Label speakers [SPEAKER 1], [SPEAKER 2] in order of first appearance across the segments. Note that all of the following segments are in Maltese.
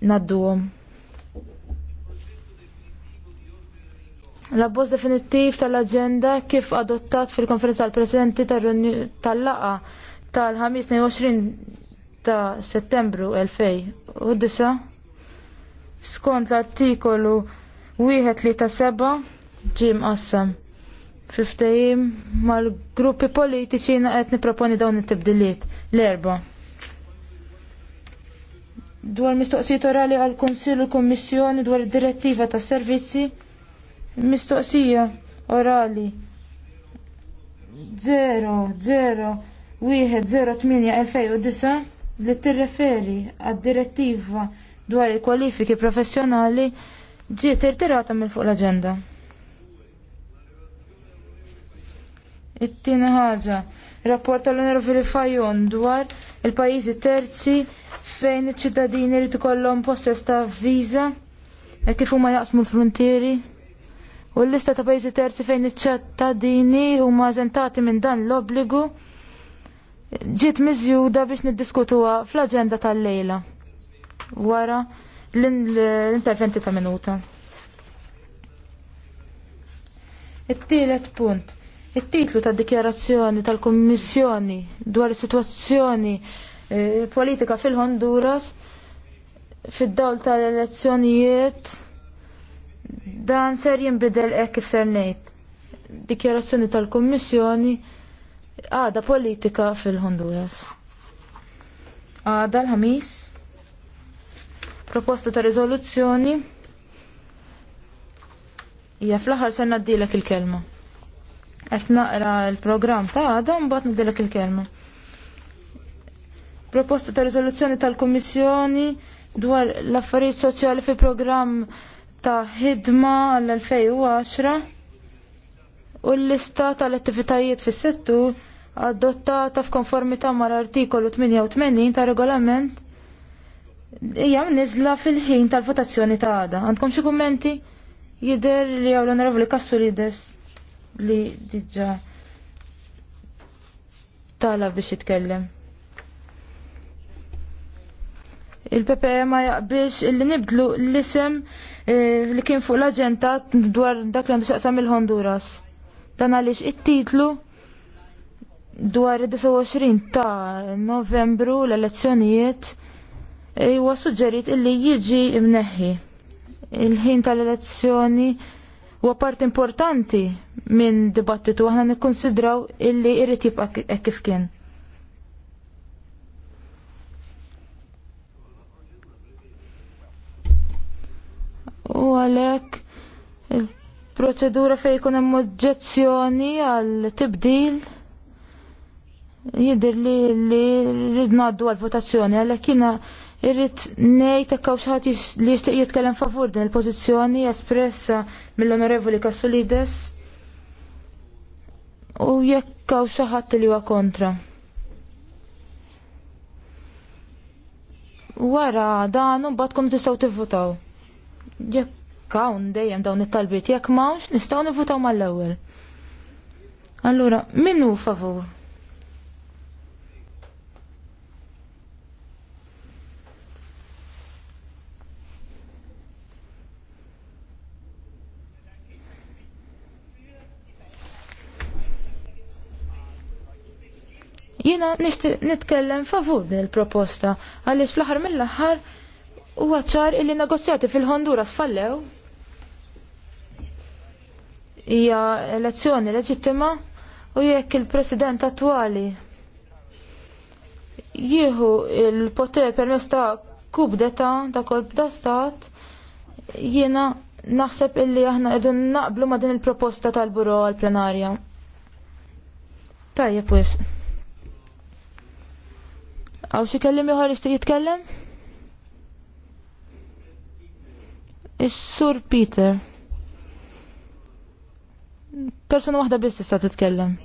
[SPEAKER 1] nadduhom. L-abbozz definittiv tal-agenda kif adottat fil-konferenza tal-presidenti tal-laqa tal 25 ta' settembru 2009 skont l-artikolu 137 ġim qassam fil-ftehim mal-gruppi politiċi etni proponi dawn it-tibdiliet l-erba' dwar mistoqsijiet orali għal konsil u kommissjoni dwar direttiva ta' servizzi mistoqsija orali 0018 li tirreferi għad direttiva dwar il-kwalifiki professjonali ġiet irtirata mill fuq l-agenda. It-tieni ħaġa, rapport tal-Onorevoli Fajon dwar il-pajjiżi terzi fejn iċ-ċittadini rid ikollhom possess ta' viża e kif huma jaqsmu l-frontieri. U l-lista ta' pajjiżi terzi fejn iċ-ċittadini huma eżentati minn dan l-obbligu ġiet miżjuda biex niddiskutuha fl-aġenda tal-lejla wara l-interventi ta' minuta. It-tielet punt it-titlu tad dikjarazzjoni tal-Kummissjoni dwar is-sitwazzjoni eh, politika fil-Honduras fid-dawl tal-elezzjonijiet dan ser jinbidel hekk kif ser ngħid. Dikjarazzjoni tal-Kummissjoni għada politika fil-Honduras. Għada l-ħamis proposta ta' riżoluzzjoni hija fl-aħħar ser naddilek il-kelma. Qed naqra l-programm ta' għada mbagħad nidilek il-kelma. Proposta ta' riżoluzzjoni tal-Kummissjoni dwar l-affarijiet soċjali fi programm ta' ħidma l-2010 u l-lista tal-attivitajiet fis-settur adottata f'konformità mar artikolu 88 ta' regolament hija nizla fil-ħin tal-votazzjoni ta' għada. Għandkom xi kummenti? Jider li għaw l-onorevoli Kassulides li diġa tala biex jitkellem. Il-PPE ma jaqbiex illi nibdlu l-isem eh, li kien fuq l-agenda dwar dak li għandu xaqsam il-Honduras. Dan għaliex it-titlu dwar id-29 ta' novembru l-elezzjonijiet eh, huwa suġġerit illi jiġi imneħħi. Il-ħin tal-elezzjoni huwa part importanti minn dibattitu aħna nikkonsidraw illi irrid jibqa' hekk kif kien. U għalhekk il-proċedura fejn jkun hemm oġġezzjoni għal tibdil jidir li li ridnaddu għal votazzjoni għalhekk jiena irrit nejt ekkaw xaħat li jishtiq jitkellem favur din il-pozizjoni espressa mill-onorevoli Kassolides u jekkaw xaħat li huwa kontra. Wara dan u bat kunu tistgħu tivvutaw. Jekk hawn dejjem dawn it-talbiet jekk m'hawnx nistgħu nivvutaw mal-ewwel. Allura, minnu favur? Jiena nixtieq nitkellem favur din il-proposta għaliex fl-aħħar mill-aħħar huwa ċar illi negozjati fil-Honduras fallew. Hija elezzjoni leġittima u jekk il-President attwali jieħu il-poter permezz ta' kub deta ta' kolb da' stat jiena naħseb illi aħna irdu naqblu ma' din il-proposta tal-buro għal-plenarja. Tajjeb wisq. Għaw xi kellim ieħor jixtieq jitkellem? Is-Sur Peter. Persona waħda biss tista' titkellem.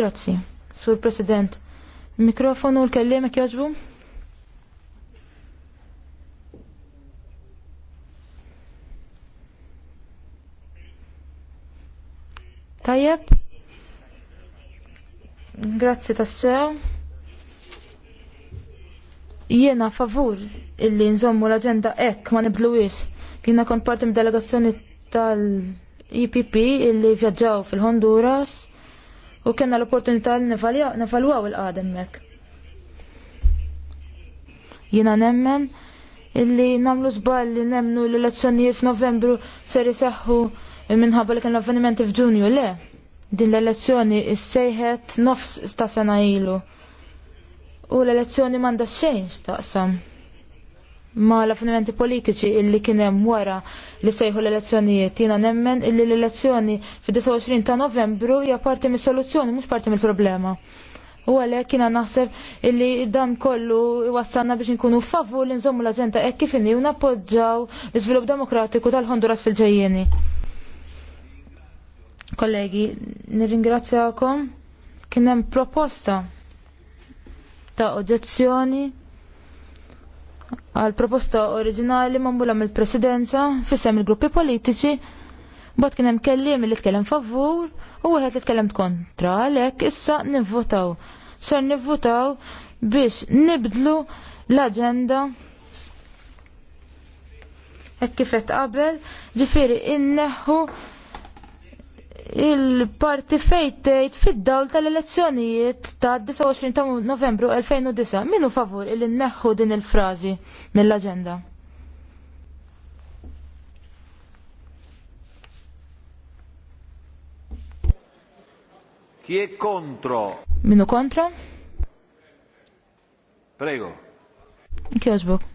[SPEAKER 1] Grazzi, Sur President. Mikrofonu l-kellimek jaġbu? Tajjeb, Grazzi tassew. Jiena favur illi nżommu l-agenda ek ma nibdluwix. Kiena kont parti delegazzjoni tal-IPP illi vjaġġaw fil-Honduras u kena l-opportunità li nevalwaw il qadem mek. Jiena nemmen illi namlu zbal li nemmu l-elezzjonijiet f'Novembru ser jiseħħu minħabba li kien l-avvenimenti f'Ġunju. Le, Din l-elezzjoni s-sejħet nofs ta' sena ilu. U l-elezzjoni manda xejn x'taqsam. Ma l-affinimenti politiċi illi kienem wara li sejħu l-elezzjonijiet jina nemmen illi l-elezzjoni fid-29 ta' novembru hija parti mis-soluzzjoni mhux parti mill-problema. U għalek kiena naħseb illi dan kollu wassanna biex nkunu favur li nżommu l-agenda ekki finni u nappoġġaw l-izvilup demokratiku tal-Honduras fil-ġejjeni. Kollegi, nirringrazzjakom kien hemm proposta ta' oġezzjoni għal proposta oriġinali mambula mill presidenza fissem il-gruppi politiċi bat kien hemm kelliem li tkellem favur u wieħed li tkellem kontra għalhekk issa nivvotaw. Ser nivvotaw biex nibdlu l-aġenda hekk kif qed qabel ġifiri inneħħu il-parti fejtejt tgħid fid-dawl tal-elezzjonijiet ta' 29 ta' Novembru 2009. Minu favur il neħħu din il-frażi mill-aġenda? Chi è contro? Minu kontra? Prego. Kjożbuk.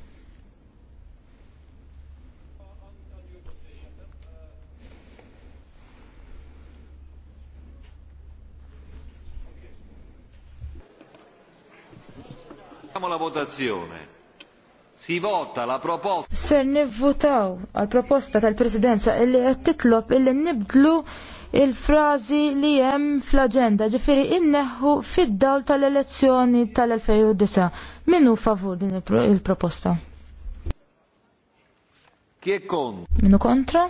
[SPEAKER 1] Apriamo la votazione. Si vota la proposta. Ser nivvutaw għal proposta tal-presidenza illi qed titlob illi nibdlu il frasi li hemm fl agenda ġifieri inneħħu fid-dawl tal-elezzjoni tal-2009. Minu favur din il-proposta? Chi kon? Minu kontra?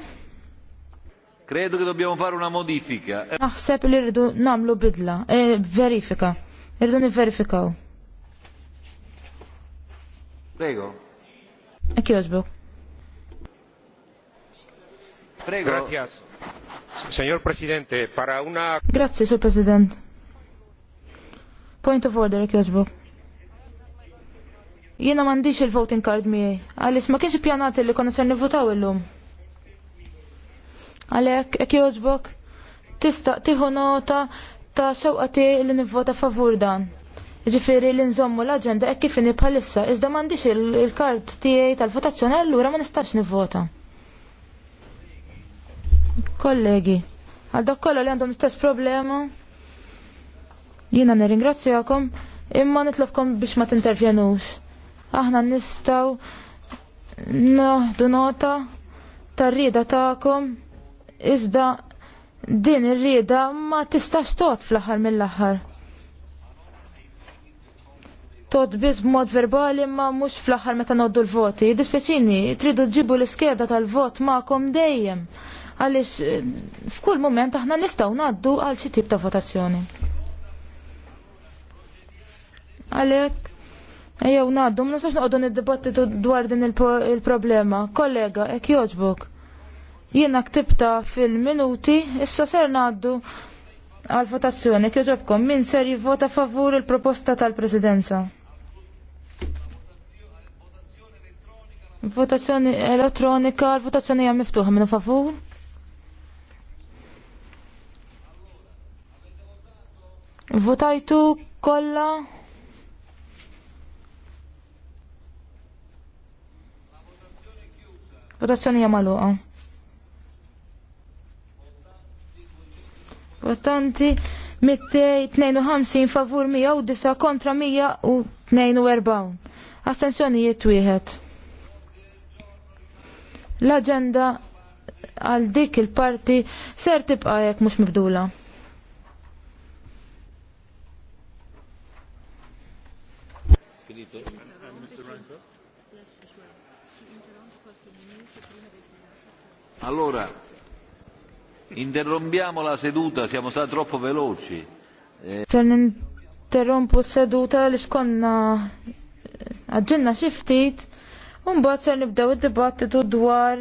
[SPEAKER 1] Credo che dobbiamo fare una modifica. Naħseb li rridu namlu bidla, eh, verifika. Irridu niverifikaw. verifikaw Prego. Ekki oġbu. Prego. Gracias. Señor Presidente, para una... Grazie, Sir Presidente. Point of order, ekki oġbu. Jiena mandiċ il-voting card miħi, għalis ma kienx pjanat li konna ser nivutaw il-lum. Għalek, ekki oġbok, tista tiħu nota ta' xewqati li nivvota favur dan. Ġifiri li nżommu l-agenda e kif jini palissa, iżda mandiċ il-kart tiegħi tal-votazzjoni allura ma nistax nivvota. Kollegi, għal dak kollu li għandhom istess problema. Jiena nirringrazzjakom, imma nitlobkom biex ma t-intervjenux. Aħna nistaw noħdu nota tar-rieda tagħkom iżda din ir rida ma tistax tot fl-aħħar mill-aħħar tot biss b'mod verbali ma mhux fl-aħħar meta noddu l-voti. Dispjaċini, tridu ġibu l-iskeda tal-vot kom dejjem għaliex eh, f'kull moment aħna nistgħu ngħaddu għal xi tip ta' votazzjoni. Għalhekk ejjew ngħaddu ma nistax noqogħdu niddibattitu dwar din il-problema. Kollega, ek jogħġbok. Jiena ktibta fil-minuti, issa ser ngħaddu għal votazzjoni kjoġobkom min ser jivvota favur il-proposta tal-presidenza. Votazzjoni elettronika, l-votazzjoni hija miftuħa minn favur. Votajtu kollha. Votazzjoni hija magħluqa. Votanti 252 favur 109 kontra 142. Astensjonijiet wieħed l-agenda għal dik il-parti ser tibqa jekk mhux mibdula. Allora, interrompiamo la seduta, siamo stati troppo veloci. Eh... Se interrompo seduta li skonna shiftit. Eh, xi ftit Unbat se nibdew id-dibattitu dwar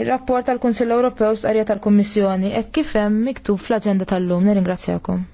[SPEAKER 1] il-rapport tal-Kunsill Ewropew s tal-Kummissjoni e kif hemm miktub fl agenda tal-lum nirringrazzjakom.